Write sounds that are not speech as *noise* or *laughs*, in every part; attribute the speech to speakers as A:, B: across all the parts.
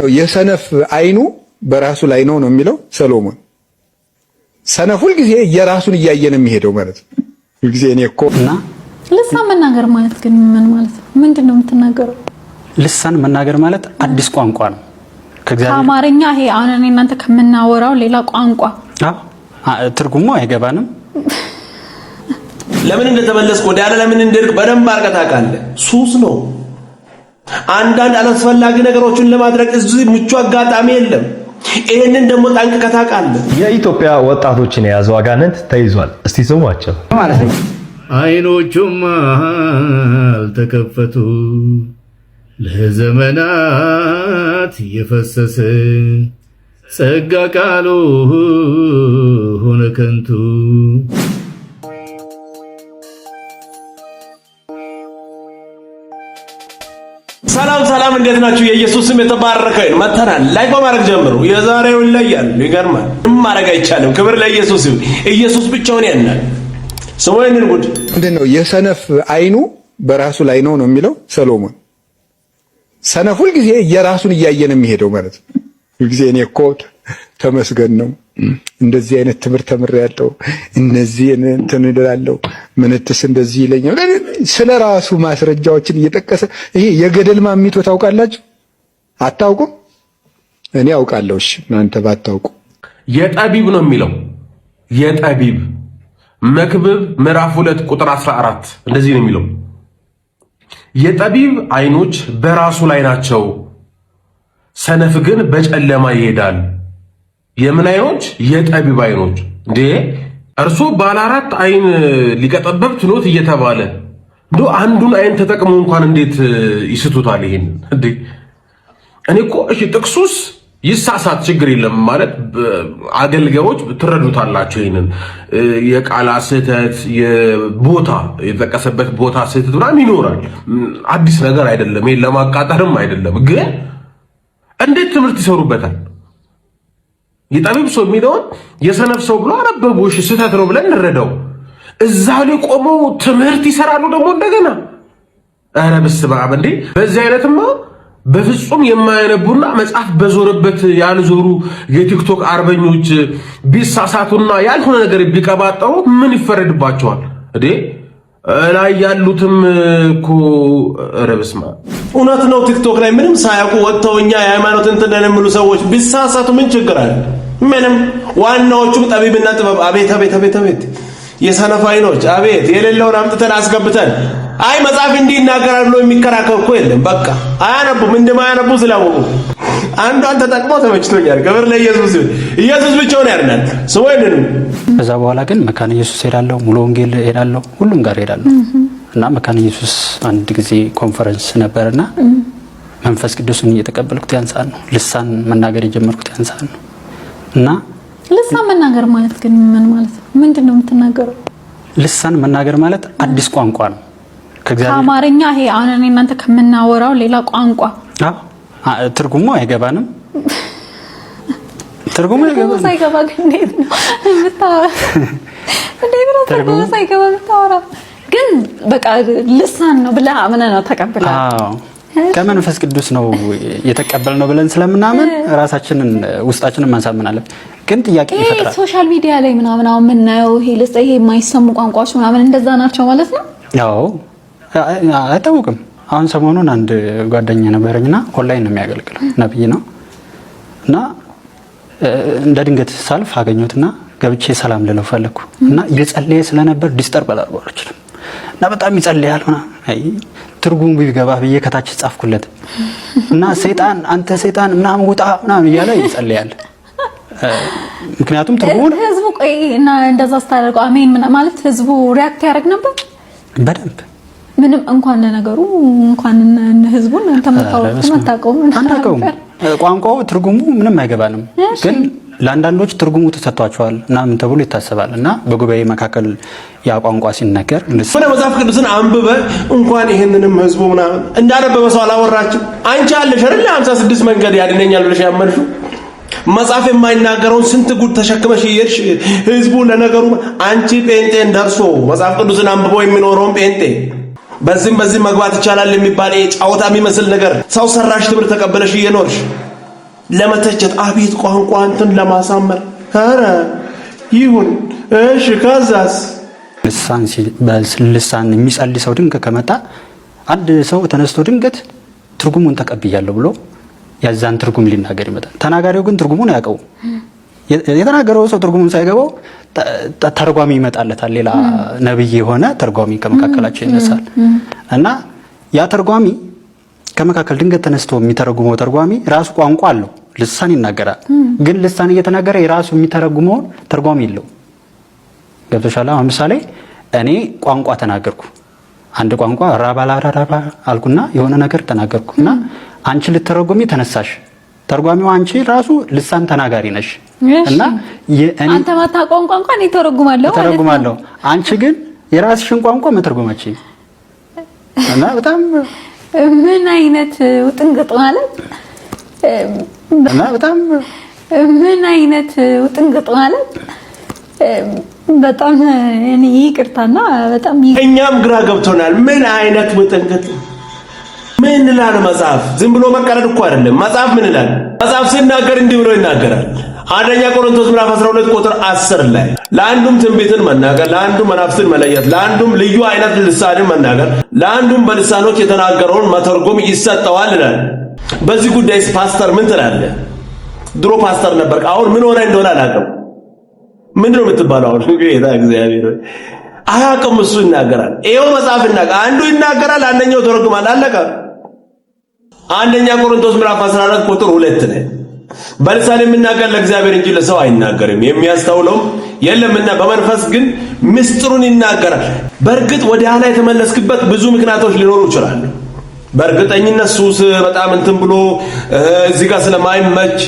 A: ነው የሰነፍ አይኑ በራሱ ላይ ነው ነው የሚለው ሰሎሞን። ሰነፍ ሁልጊዜ የራሱን እያየ ነው የሚሄደው ማለት ነው። ሁልጊዜ እኔ እኮ እና
B: ልሳን መናገር ማለት ግን ምን ማለት ነው? ምንድን ነው የምትናገረው?
C: ልሳን መናገር ማለት አዲስ ቋንቋ ነው
B: ከአማርኛ። ይሄ አሁን እኔ እናንተ ከምናወራው ሌላ ቋንቋ
C: ትርጉሙ አይገባንም።
A: ለምን እንደተመለስኩ ወደ ያለ ለምን እንደርቅ በደንብ አርቀህ ታውቃለህ። ሱስ ነው አንዳንድ አላስፈላጊ ነገሮችን ለማድረግ እዚህ ምቹ አጋጣሚ የለም። ይህንን ደግሞ ጠንቅቀህ ታውቃለህ።
C: የኢትዮጵያ ወጣቶችን የያዘው አጋንንት ተይዟል። እስቲ ስሟቸው
B: ማለት ነው።
A: አይኖቹም አልተከፈቱ ለዘመናት የፈሰሰ ጸጋ ቃሉ ሆነ ከንቱ ሰላም ሰላም፣ እንዴት ናችሁ? የኢየሱስ ስም የተባረከ ይሁን። መተናል ላይ በማድረግ ጀምሩ። የዛሬውን ላይ ያሉ ይገርማል። ምንም ማድረግ አይቻልም። ክብር ለኢየሱስ ይሁን። ኢየሱስ ብቻውን ያናል። ስሙንን ጉድ ምንድን ነው? የሰነፍ አይኑ በራሱ ላይ ነው ነው የሚለው ሰሎሞን። ሰነፍ ሁልጊዜ የራሱን እያየ ነው የሚሄደው ማለት ነው። ሁልጊዜ እኔ እኮ ተመስገን ነው እንደዚህ አይነት ትምህርት ተምሬያለሁ፣ እነዚህ እንትን እላለሁ፣ ምንትስ እንደዚህ ይለኛል። ስለ ራሱ ማስረጃዎችን እየጠቀሰ ይሄ የገደል ማሚቶ ታውቃላችሁ? አታውቁም? እኔ አውቃለሁ። እሺ እናንተ ባታውቁ የጠቢብ ነው የሚለው የጠቢብ መክብብ ምዕራፍ ሁለት ቁጥር 14 እንደዚህ ነው የሚለው የጠቢብ አይኖች በራሱ ላይ ናቸው፣ ሰነፍ ግን በጨለማ ይሄዳል። የምን አይኖች? የጠቢብ አይኖች። እንዴ እርሶ ባለ አራት አይን ሊቀጠበብት ኖት እየተባለ እንዶ አንዱን አይን ተጠቅሞ እንኳን እንዴት ይስቱታል? ይሄን እንዴ እኔ እኮ እሺ፣ ጥቅሱስ ይሳሳት ችግር የለም ማለት አገልጋዮች ትረዱታላቸው ይሄንን የቃላ ስህተት፣ የቦታ የተጠቀሰበት ቦታ ስህተት ምናምን ይኖራል። አዲስ ነገር አይደለም፣ ይሄን ለማቃጠርም አይደለም። ግን እንዴት ትምህርት ይሰሩበታል? የጠቢብ ሰው የሚለውን የሰነፍ ሰው ብሎ አነበቡ። እሺ ስህተት ነው ብለን እንረዳው። እዛ ላይ ቆመው ትምህርት ይሰራሉ ደግሞ እንደገና። ኧረ በስመ አብ እንዴ! በዚህ አይነትማ በፍጹም የማያነቡና መጽሐፍ በዞረበት ያልዞሩ የቲክቶክ አርበኞች ቢሳሳቱና ያልሆነ ነገር ቢቀባጠሩ ምን ይፈረድባቸዋል እንዴ? ላይ ያሉትም እኮ ረብስማ እውነት ነው። ቲክቶክ ላይ ምንም ሳያውቁ ወጥተው እኛ የሃይማኖት እንትን ነን የሚሉ ሰዎች ቢሳሳቱ ምን ችግር አለ? ምንም ዋናዎቹም ጠቢብና ጥበብ አቤት አቤት አቤት አቤት የሰነፍ አይኖች አቤት የሌለውን አምጥተን አስገብተን አይ መጽሐፍ እንዲህ ይናገራል ብሎ የሚከራከር እኮ የለም። በቃ አያነቡም፣ እንደማያነቡ ስላወቁ አንዷን ተጠቅሞ ተመችቶኛል። ክብር ለኢየሱስ ይሁን። ኢየሱስ ብቻውን ያድናል። ስሙ ይድኑ።
C: ከዛ በኋላ ግን መካነ ኢየሱስ ሄዳለሁ፣ ሙሉ ወንጌል ሄዳለሁ፣ ሁሉም ጋር ሄዳለሁ እና መካነ ኢየሱስ አንድ ጊዜ ኮንፈረንስ ነበርና መንፈስ ቅዱስን እየተቀበልኩት ያንሳን ነው፣ ልሳን መናገር የጀመርኩት ያንሳን ነው እና
B: ልሳን መናገር ማለት ግን ምን ማለት ነው? ምንድን ነው የምትናገረው?
C: ልሳን መናገር ማለት አዲስ ቋንቋ ነው።
B: ከአማርኛ ይሄ አሁን እኔ እናንተ ከምናወራው ሌላ ቋንቋ
C: ትርጉሙ አይገባንም። *laughs* ትርጉሙ
B: ሳይገባ ግን በቃ ልሳን ነው ብለህ አምነህ ነው ተቀብለህ
C: ከመንፈስ ቅዱስ ነው ነው ብለን ስለምናምን ራሳችንን ውስጣችንን ማሳመን ግን ጥያቄ
B: ይፈጥራል። ሶሻል ሚዲያ ላይ ምናምን አሁን የምናየው ይሄ ልስጥ ይሄ የማይሰሙ ቋንቋዎች ምናምን እንደዛ ናቸው ማለት ነው።
C: ያው አይታወቅም። አሁን ሰሞኑን አንድ ጓደኛ ነበረኝና ኦንላይን ነው የሚያገልግለው ነብይ ነው እና እንደ ድንገት ሳልፍ አገኘሁትና ገብቼ ሰላም ልለው ፈለግኩ እና እየጸለየ ስለነበር ዲስተርብ ላደርገው አልችልም እና በጣም ይጸልያል ምናምን ትርጉሙ ቢገባ ብዬ ከታች ጻፍኩለት እና ሰይጣን አንተ ሰይጣን ምናምን ውጣ ምናምን እያለ ይጸልያል። ምክንያቱም ትርጉሙ ነው።
B: ህዝቡ እና እንደዛ ስታደርገው አሜን ምን ማለት ህዝቡ ሪያክት ያደርግ ነበር በደንብ ምንም እንኳን ለነገሩ እንኳን ህዝቡን አንተ መታወቁም
C: አናውቀውም። ቋንቋው ትርጉሙ ምንም አይገባንም፣ ግን ለአንዳንዶች ትርጉሙ ተሰጥቷቸዋል ምናምን ተብሎ ይታሰባል እና በጉባኤ መካከል ያ ቋንቋ ሲነገር
A: ወደ መጽሐፍ ቅዱስን አንብበ እንኳን ይህንንም ህዝቡ ምናምን እንዳነበበ ሰው አላወራችም። አንቺ አለሽ አይደል ሀምሳ ስድስት መንገድ ያድነኛል ብለሽ ያመልሽው መጽሐፍ የማይናገረውን ስንት ጉድ ተሸክመሽ እየሄድሽ ህዝቡ ለነገሩ አንቺ ጴንጤን ደርሶ መጽሐፍ ቅዱስን አንብቦ የሚኖረውን ጴንጤ በዚህም በዚህ መግባት ይቻላል የሚባል ጫወታ የሚመስል ነገር ሰው ሰራሽ ትምህርት ተቀበለሽ እየኖርሽ ለመተቸት አቤት ቋንቋ እንትን ለማሳመር ኧረ ይሁን እሺ ከዛስ
C: ልሳን ልሳን የሚጸልይ ሰው ድንገት ከመጣ አንድ ሰው ተነስቶ ድንገት ትርጉሙን ተቀብያለሁ ብሎ ያዛን ትርጉም ሊናገር ይመጣል። ተናጋሪው ግን ትርጉሙን አያውቀውም። የተናገረው ሰው ትርጉሙን ሳይገባው ተርጓሚ ይመጣለታል። ሌላ ነብይ የሆነ ተርጓሚ ከመካከላቸው ይነሳል እና ያ ተርጓሚ ከመካከል ድንገት ተነስቶ የሚተረጉመው ተርጓሚ ራሱ ቋንቋ አለው፣ ልሳን ይናገራል። ግን ልሳን እየተናገረ የራሱ የሚተረጉመውን ተርጓሚ የለው። ገብቶሻል? አሁን ምሳሌ እኔ ቋንቋ ተናገርኩ፣ አንድ ቋንቋ ራባላራራባ አልኩና የሆነ ነገር ተናገርኩ እና አንቺ ልተረጎሚ ተነሳሽ። ተርጓሚው አንቺ ራሱ ልሳን ተናጋሪ ነሽ እና
B: አንተ ማታውቀውን ቋንቋ እኔ ተረጉማለሁ
C: ተረጉማለሁ። አንቺ ግን የራስሽን ቋንቋ መተርጎመች እና በጣም
B: ምን አይነት ውጥንቅጥ ማለት እና በጣም ምን አይነት ውጥንቅጥ ማለት በጣም እኔ ይቅርታና በጣም
A: እኛም ግራ ገብቶናል። ምን አይነት ውጥንቅጥ ምን ይላል መጽሐፍ? ዝም ብሎ መቀለድ እኮ አይደለም። መጽሐፍ ምን ይላል? መጽሐፍ ሲናገር እንዲህ ብሎ ይናገራል። አንደኛ ቆሮንቶስ ምዕራፍ 12 ቁጥር 10 ላይ ለአንዱም ትንቢትን መናገር፣ ለአንዱም መናፍስትን መለየት፣ ለአንዱም ልዩ አይነት ልሳንን መናገር፣ ለአንዱም በልሳኖች የተናገረውን መተርጎም ይሰጠዋል ይላል። በዚህ ጉዳይስ ፓስተር ምን ትላለህ? ድሮ ፓስተር ነበር፣ አሁን ምን ሆነ እንደሆነ አላውቅም። ምንድን ነው የምትባለው አሁን? ጌታ እግዚአብሔር አያውቅም። እሱ ይናገራል። ይኸው መጽሐፍ ይናገራል። አንዱ ይናገራል፣ አንደኛው ተረጉማል። አለቀ። አንደኛ ቆሮንቶስ ምዕራፍ 14 ቁጥር 2 ላይ በልሳን የሚናገር ለእግዚአብሔር እንጂ ለሰው አይናገርም፣ የሚያስተውለው የለምና በመንፈስ ግን ምስጢሩን ይናገራል። በእርግጥ ወደ ኋላ የተመለስክበት ብዙ ምክንያቶች ሊኖሩ ይችላሉ። በእርግጠኝነት ሱስ በጣም እንትን ብሎ እዚህ ጋር ስለማይመች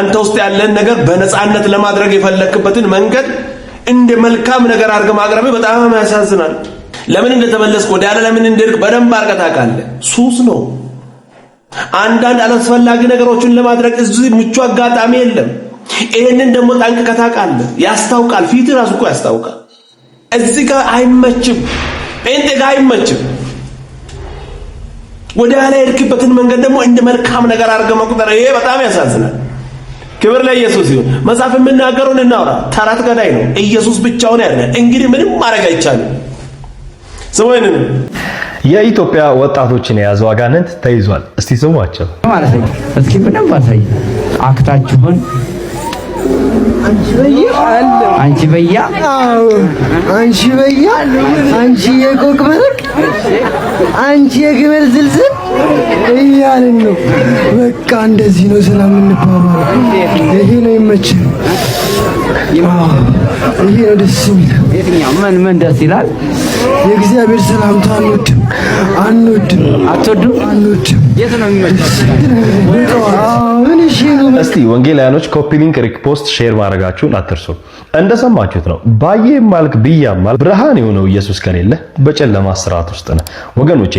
A: አንተ ውስጥ ያለን ነገር በነፃነት ለማድረግ የፈለክበትን መንገድ እንደ መልካም ነገር አድርገ ማቅረብ በጣም ያሳዝናል። ለምን እንደተመለስክ ወደ ኋላ ለምን እንደርክ በደንብ አድርገህ ታውቃለህ። ሱስ ነው። አንዳንድ አላስፈላጊ ነገሮችን ለማድረግ እዚህ ምቹ አጋጣሚ የለም። ይህንን ደግሞ ጠንቅቀህ ታውቃለህ፣ ያስታውቃል። ፊት ራሱ እኮ ያስታውቃል። እዚህ ጋር አይመችም፣ ጴንጤ ጋር አይመችም። ወደ ኋላ የሄድክበትን መንገድ ደግሞ እንደ መልካም ነገር አድርገህ መቁጠር ይሄ በጣም ያሳዝናል። ክብር ለኢየሱስ ይሁን። መጽሐፍ የምናገረውን እናውራ። ተረት ገዳይ ነው። ኢየሱስ ብቻውን ያለ እንግዲህ ምንም ማድረግ አይቻልም። ስሙ
C: የኢትዮጵያ ወጣቶችን የያዘው አጋንንት ተይዟል። እስቲ ስሟቸው
B: ማለት ነው። እስኪ ምንም ባሳይ አክታችሁን
A: አንቺ በያ አንቺ በያ አንቺ የኮክ መልክ አንቺ የግመል ዝልዝል እያልን ነው። በቃ እንደዚህ ነው ሰላም ስለምንባባል። ይሄ ነው ይመችህ፣ ይሄ ነው ደስ
C: ይላል። ምን ምን ደስ ይላል?
A: የእግዚአብሔር ሰላምታ አንወድም፣ አንወድም፣ አትወድም፣ አንወድም።
C: እስቲ ወንጌላያኖች ኮፒ ሊንክ ሪፖስት ሼር ማድረጋችሁን አትርሱ። እንደሰማችሁት ነው። ባየም ማልክ ብያ አልክ ብርሃን የሆነው ኢየሱስ ከሌለ በጨለማ ስርዓት ውስጥ ነህ ወገኖቼ።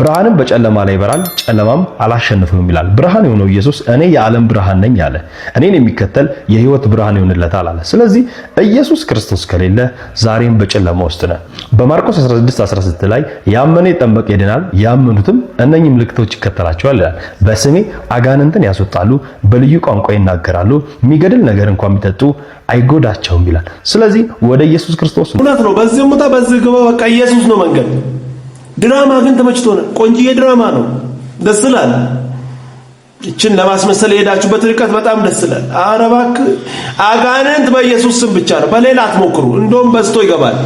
C: ብርሃንም በጨለማ ላይ ይበራል፣ ጨለማም አላሸንፍም ይላል። ብርሃን የሆነው ኢየሱስ እኔ የዓለም ብርሃን ነኝ አለ። እኔን የሚከተል የህይወት ብርሃን ይሆንለታል አለ። ስለዚህ ኢየሱስ ክርስቶስ ከሌለ ዛሬም በጨለማ ውስጥ ነህ። በማርቆስ 16:16 ላይ ያመነ የጠመቀ ይድናል፣ ያመኑትም እነኚህ ምልክቶች ይከተላል ይከተላቸዋል ይላል። በስሜ አጋንንትን ያስወጣሉ፣ በልዩ ቋንቋ ይናገራሉ፣ የሚገድል ነገር እንኳን ቢጠጡ አይጎዳቸውም ይላል። ስለዚህ ወደ ኢየሱስ ክርስቶስ
A: እውነት ነው። በዚህ ሙታ በዚህ ግባ፣ በቃ ኢየሱስ ነው መንገድ። ድራማ ግን ተመችቶናል። ቆንጆዬ ድራማ ነው፣ ደስ ይላል። ይችን ለማስመሰል የሄዳችሁበት ርቀት በጣም ደስ ይላል። ኧረ እባክህ አጋንንት በኢየሱስ ስም ብቻ ነው፣ በሌላ አትሞክሩ። እንደውም በዝቶ ይገባል።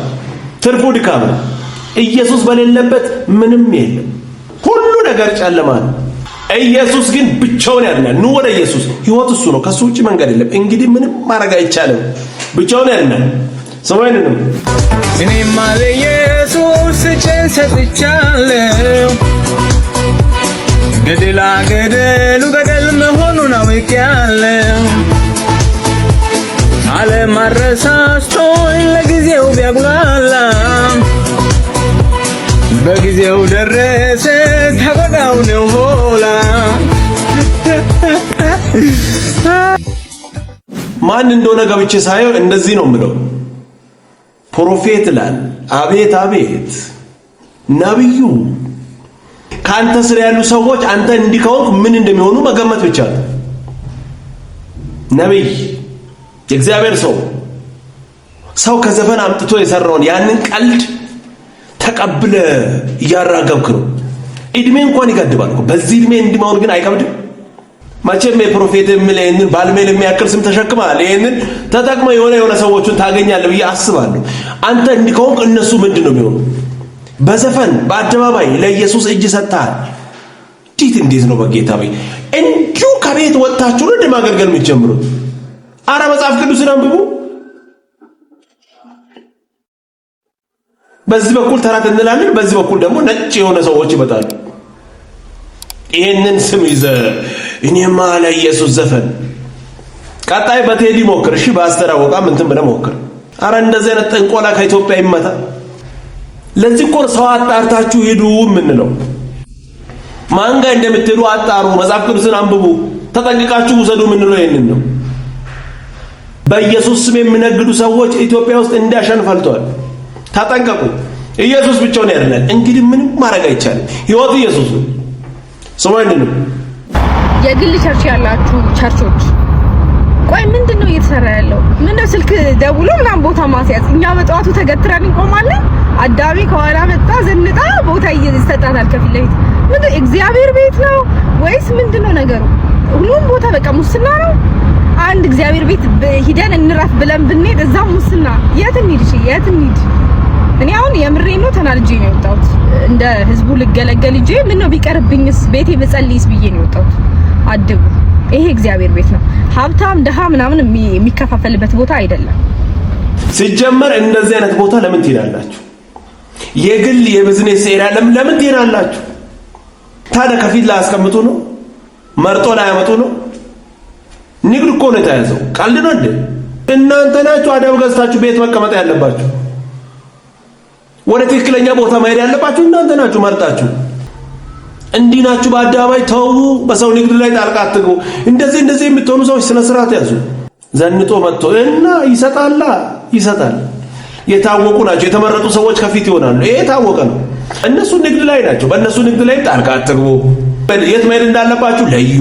A: ትርፉ ድካም ነው። ኢየሱስ በሌለበት ምንም የለም። ሁሉ ነገር ጨለማ ነው። ኢየሱስ ግን ብቻውን ያድናል። ኑ ወደ ኢየሱስ። ህይወት እሱ ነው። ከሱ ውጭ መንገድ የለም። እንግዲህ ምንም ማድረግ አይቻልም። ብቻውን ያድናል። ሰማይ ነው። ማለ ኢየሱስ እጄን ሰጥቻለሁ። ገደላ ገደሉ ገደል መሆኑን አውቄያለሁ። ዓለም አረሳስቶኝ ለጊዜው ቢያጉላላ በጊዜው ደረሰ ተበላው ነው ሆላ ማን እንደሆነ ገብቼ ሳየው እንደዚህ ነው የምለው። ፕሮፌት ላል አቤት አቤት ነብዩ ከአንተ ስር ያሉ ሰዎች አንተ እንዲከውቅ ምን እንደሚሆኑ መገመት ብቻ ነው። ነብይ የእግዚአብሔር ሰው ሰው ከዘፈን አምጥቶ የሰራውን ያንን ቀልድ ተቀብለ እያራገብክ ነው። እድሜ እንኳን ይገድባል። በዚህ እድሜ እንዲመሆን ግን አይከብድም። መቼም የፕሮፌት የሚል ይህንን ባልሜል የሚያክል ስም ተሸክመሃል። ይህንን ተጠቅመ የሆነ የሆነ ሰዎችን ታገኛለህ ብዬ አስባለሁ። አንተ እንዲህ ከሆንክ እነሱ ምንድን ነው የሚሆኑ? በዘፈን በአደባባይ ለኢየሱስ እጅ ሰጥተሃል። እንዴት እንዴት ነው በጌታ በይ እንዲሁ ከቤት ወጥታችሁ ነው ማገልገል የምትጀምሩት? አረ መጽሐፍ ቅዱስን አንብቡ። በዚህ በኩል ተራት እንላለን፣ በዚህ በኩል ደግሞ ነጭ የሆነ ሰዎች ይመጣሉ። ይህንን ስም ይዘ እኔማ ለኢየሱስ ዘፈን ቀጣይ በቴዲ ሞክር። እሺ በአስተራወቃ ምንትን ብለ ሞክር። አረ እንደዚህ አይነት ጥንቆላ ከኢትዮጵያ ይመታ። ለዚህ እኮ ሰው አጣርታችሁ ሂዱ የምንለው ማን ጋር እንደምትሄዱ አጣሩ፣ መጽሐፍ ቅዱስን አንብቡ፣ ተጠንቅቃችሁ ውሰዱ የምንለው ይህንን ነው። በኢየሱስ ስም የሚነግዱ ሰዎች ኢትዮጵያ ውስጥ እንዲያሸንፈልተዋል። ተጠንቀቁ። ኢየሱስ ብቻውን ያድናል። እንግዲህ ምንም ማድረግ አይቻልም። ህይወት ኢየሱስ ነው። አይደለም።
B: የግል ቸርች ያላችሁ ቸርቾች ቆይ ምንድን ነው እየተሰራ ያለው? ነው ስልክ ደውሎ ምናምን ቦታ ማስያዝ? እኛ በጠዋቱ ተገትረን እንቆማለን። አዳሚ ከኋላ መጣ ዘንጣ ቦታ ይሰጣታል ከፊት ለፊት። እግዚአብሔር ቤት ነው ወይስ ምንድን ነው ነገሩ? ሁሉም ቦታ በቃ ሙስና ነው። አንድ እግዚአብሔር ቤት ሂደን እንራት ብለን ብንሄድ እዛም ሙስና። የት እንሂድ? የት እንሂድ? የምሬ ነው ተናልጄ ነው የወጣሁት። እንደ ህዝቡ ልገለገል እጄ ምን ነው ቢቀርብኝስ ቤቴ ብጸልይስ ብዬ ነው የወጣሁት። አድጉ ይሄ እግዚአብሔር ቤት ነው። ሀብታም ድሃ ምናምን የሚከፋፈልበት ቦታ አይደለም።
A: ሲጀመር እንደዚህ አይነት ቦታ ለምን ትሄዳላችሁ? የግል የቢዝነስ ኤሪያ ለምን ትሄዳላችሁ? ታዲያ ከፊት ላይ አስቀምጡ ነው መርጦ ላይ ያመጡ ነው። ንግድ እኮ ነው የተያዘው። ቀልድ ነው እንዴ? እናንተ ናችሁ አደብ ገዝታችሁ ቤት መቀመጥ ያለባችሁ። ወደ ትክክለኛ ቦታ መሄድ ያለባችሁ እናንተ ናችሁ መርጣችሁ። እንዲህ ናችሁ፣ በአደባባይ ተዉ፣ በሰው ንግድ ላይ ጣልቃ አትግቡ፣ እንደዚህ እንደዚህ የምትሆኑ ሰዎች ስነ ስርዓት ያዙ። ዘንጦ መጥቶ እና ይሰጣላ ይሰጣል። የታወቁ ናቸው፣ የተመረጡ ሰዎች ከፊት ይሆናሉ። ይሄ የታወቀ ነው። እነሱ ንግድ ላይ ናቸው፣ በእነሱ ንግድ ላይ ጣልቃ አትግቡ። የት መሄድ እንዳለባችሁ ለዩ።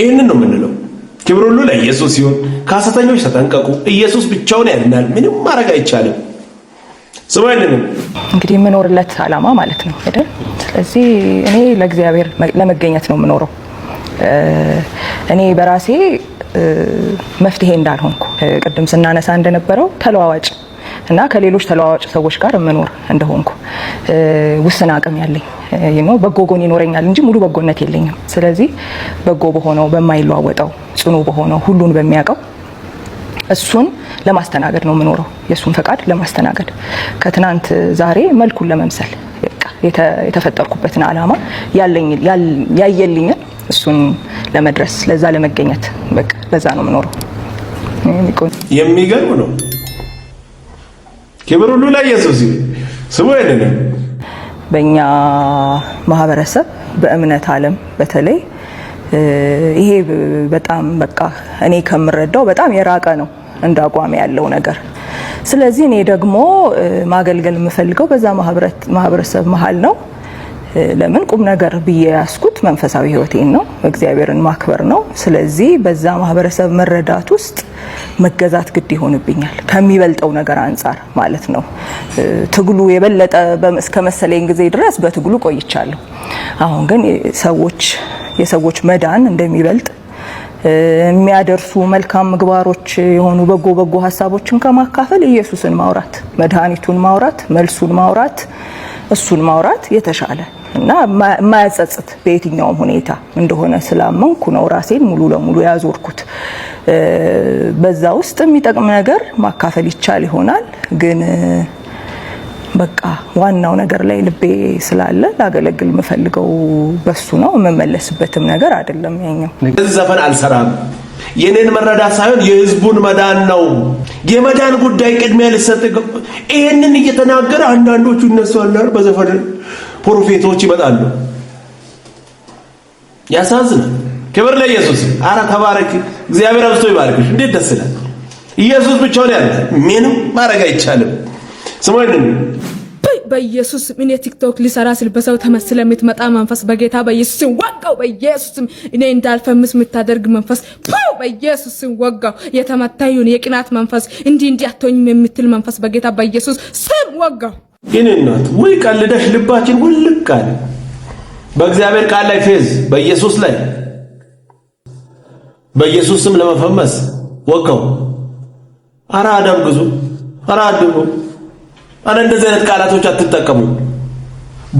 A: ይህንን ነው የምንለው። ክብር ሁሉ ለኢየሱስ ሲሆን ከሐሰተኞች ተጠንቀቁ። ኢየሱስ ብቻውን ያድናል። ምንም ማድረግ አይቻልም።
D: እንግዲህ የምኖርለት አላማ ማለት ነው አይደል? ስለዚህ እኔ ለእግዚአብሔር ለመገኘት ነው የምኖረው። እኔ በራሴ መፍትሄ እንዳልሆንኩ ቅድም ስናነሳ እንደነበረው ተለዋዋጭ እና ከሌሎች ተለዋዋጭ ሰዎች ጋር የምኖር እንደሆንኩ ውስን አቅም ያለኝ በጎ ጎን ይኖረኛል እንጂ ሙሉ በጎነት የለኝም። ስለዚህ በጎ በሆነው በማይለዋወጠው ጽኑ በሆነው ሁሉን በሚያውቀው እሱን ለማስተናገድ ነው የምኖረው። የእሱን ፈቃድ ለማስተናገድ ከትናንት ዛሬ መልኩን ለመምሰል የተፈጠርኩበትን አላማ ያየልኝን እሱን ለመድረስ ለዛ ለመገኘት በቃ ለዛ ነው የምኖረው።
A: የሚገርም ነው። ክብር ሁሉ ላይ ኢየሱስ ስሙ ያለ
D: በእኛ ማህበረሰብ በእምነት ዓለም በተለይ ይሄ በጣም በቃ እኔ ከምረዳው በጣም የራቀ ነው እንደ አቋም ያለው ነገር። ስለዚህ እኔ ደግሞ ማገልገል የምፈልገው በዛ ማህበረሰብ መሀል ነው። ለምን ቁም ነገር ብዬ ያስኩት መንፈሳዊ ህይወቴን ነው፣ እግዚአብሔርን ማክበር ነው። ስለዚህ በዛ ማህበረሰብ መረዳት ውስጥ መገዛት ግድ ይሆንብኛል፣ ከሚበልጠው ነገር አንጻር ማለት ነው። ትግሉ የበለጠ እስከ መሰለኝ ጊዜ ድረስ በትግሉ ቆይቻለሁ። አሁን ግን ሰዎች የሰዎች መዳን እንደሚበልጥ የሚያደርሱ መልካም ምግባሮች የሆኑ በጎ በጎ ሀሳቦችን ከማካፈል ኢየሱስን ማውራት፣ መድኃኒቱን ማውራት፣ መልሱን ማውራት፣ እሱን ማውራት የተሻለ እና የማያጸጽት በየትኛውም ሁኔታ እንደሆነ ስላመንኩ ነው ራሴን ሙሉ ለሙሉ ያዞርኩት። በዛ ውስጥ የሚጠቅም ነገር ማካፈል ይቻል ይሆናል ግን በቃ ዋናው ነገር ላይ ልቤ ስላለ ላገለግል የምፈልገው በሱ ነው። የምመለስበትም ነገር አይደለም ያኛው።
A: ዘፈን አልሰራም። የኔን መረዳት ሳይሆን የህዝቡን መዳን ነው። የመዳን ጉዳይ ቅድሚያ ሊሰጥ ይህንን እየተናገረ አንዳንዶቹ እነሱ በዘፈን ፕሮፌቶች ይመጣሉ። ያሳዝናል። ክብር ለኢየሱስ። አረ ተባረክ። እግዚአብሔር አብዝቶ ይባርክሽ። እንዴት ደስ ይላል። ኢየሱስ ብቻውን ያለ ምንም ማድረግ አይቻልም። ስሙ
B: በኢየሱስ እኔ ቲክቶክ ሊሰራ ስል በሰው ተመስለ የምትመጣ መንፈስ በጌታ በኢየሱስን ወጋው። በኢየሱስም እኔ እንዳልፈምስ የምታደርግ መንፈስ ፓው በኢየሱስን ወጋው። የተመታዩን የቅናት መንፈስ እንዲህ እንዲህ አትሆኝም የምትል መንፈስ በጌታ በኢየሱስ ስም ወጋው።
A: ይህን እናት ወይ ቀልደሽ ልባችን ውልቅ አለ። በእግዚአብሔር ቃል ላይ ፌዝ በኢየሱስ ላይ በኢየሱስም ለመፈመስ ወጋው። አራ አዳም ግዙ አራ አድሙ አረ እንደዚህ አይነት ቃላቶች አትጠቀሙ።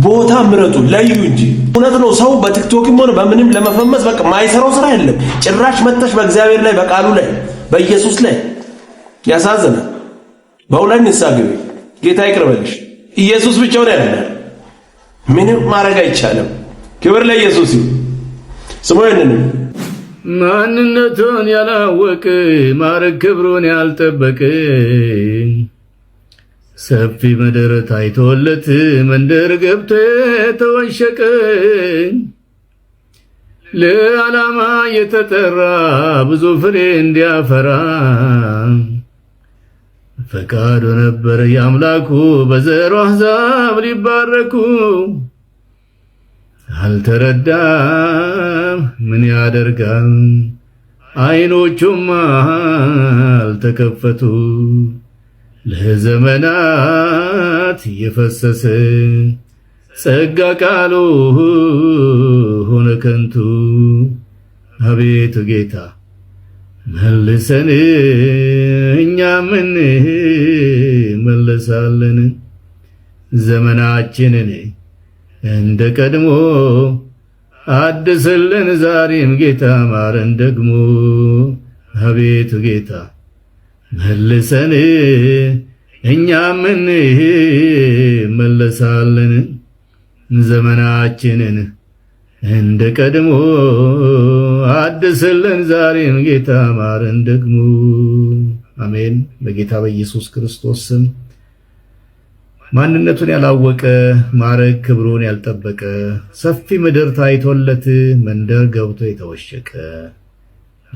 A: ቦታ ምረጡ፣ ለዩ እንጂ እውነት ነው። ሰው በቲክቶክም ሆነ በምንም ለመፈመስ በቃ ማይሰራው ስራ የለም። ጭራሽ መተሽ በእግዚአብሔር ላይ በቃሉ ላይ በኢየሱስ ላይ ያሳዝናል። በእውነት ንሳ ግቢ፣ ጌታ ይቅርበልሽ። ኢየሱስ ነው ያለ፣ ምንም ማድረግ አይቻልም። ክብር ለኢየሱስ ይሁን። ስሙ ይህንንም ማንነቱን ያላወቅ ማረግ ክብሩን ያልጠበቅ ሰፊ ምድር ታይቶለት መንደር ገብቶ ተወሸቀ ለዓላማ የተጠራ ብዙ ፍሬ እንዲያፈራ ፈቃዱ ነበር የአምላኩ በዘሮ አሕዛብ ሊባረኩ አልተረዳም ምን ያደርጋል አይኖቹማ አልተከፈቱ ለዘመናት የፈሰሰ ጸጋ ቃሉ ሆነ ከንቱ። አቤቱ ጌታ መልሰን እኛም ምን መለሳለን? ዘመናችንን እንደ ቀድሞ አድስልን ዛሬም ጌታ ማረን ደግሞ አቤቱ ጌታ መልሰን እኛ ምን መለሳለን ዘመናችንን እንደ ቀድሞ አድስልን ዛሬን ጌታ ማረን ደግሞ አሜን። በጌታ በኢየሱስ ክርስቶስ ስም ማንነቱን ያላወቀ ማዕረግ ክብሩን ያልጠበቀ ሰፊ ምድር ታይቶለት መንደር ገብቶ የተወሸቀ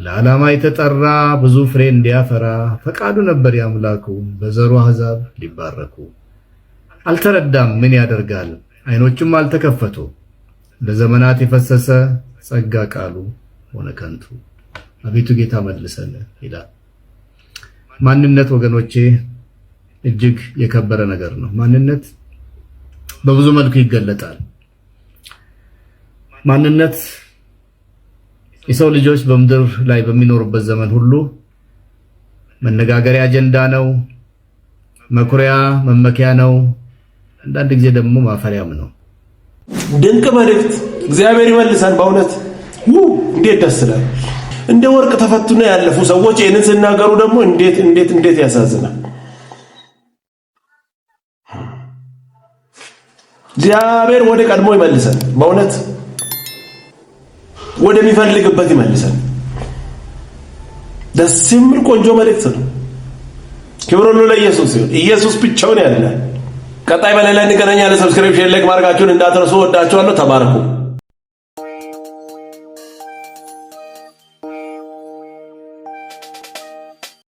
A: ለዓላማ የተጠራ ብዙ ፍሬ እንዲያፈራ ፈቃዱ ነበር የአምላኩ። በዘሩ አሕዛብ ሊባረኩ አልተረዳም ምን ያደርጋል፣ አይኖቹም አልተከፈቱ። ለዘመናት የፈሰሰ ጸጋ ቃሉ ሆነ ከንቱ። አቤቱ ጌታ መልሰን ይላል። ማንነት ወገኖቼ እጅግ የከበረ ነገር ነው። ማንነት በብዙ መልኩ ይገለጣል። ማንነት የሰው ልጆች በምድር ላይ በሚኖሩበት ዘመን ሁሉ መነጋገሪያ አጀንዳ ነው፣ መኩሪያ መመኪያ ነው፣ አንዳንድ ጊዜ ደግሞ ማፈሪያም ነው። ድንቅ መልእክት! እግዚአብሔር ይመልሳል። በእውነት እንዴት ደስ ይላል! እንደ ወርቅ ተፈትኖ ያለፉ ሰዎች ይህንን ስናገሩ ደግሞ እንዴት እንዴት እንዴት ያሳዝናል! እግዚአብሔር ወደ ቀድሞ ይመልሳል በእውነት ወደሚፈልግበት ይመልሰን። ደስ የሚል ቆንጆ መልእክት ነው። ክብር ሁሉ ለኢየሱስ ይሁን። ኢየሱስ ብቻውን ያለ። ቀጣይ በሌላ እንገናኛለን። ሰብስክሪፕሽን፣ ላይክ ማድረጋችሁን እንዳትረሱ። ወዳችኋለሁ። ተባረኩ።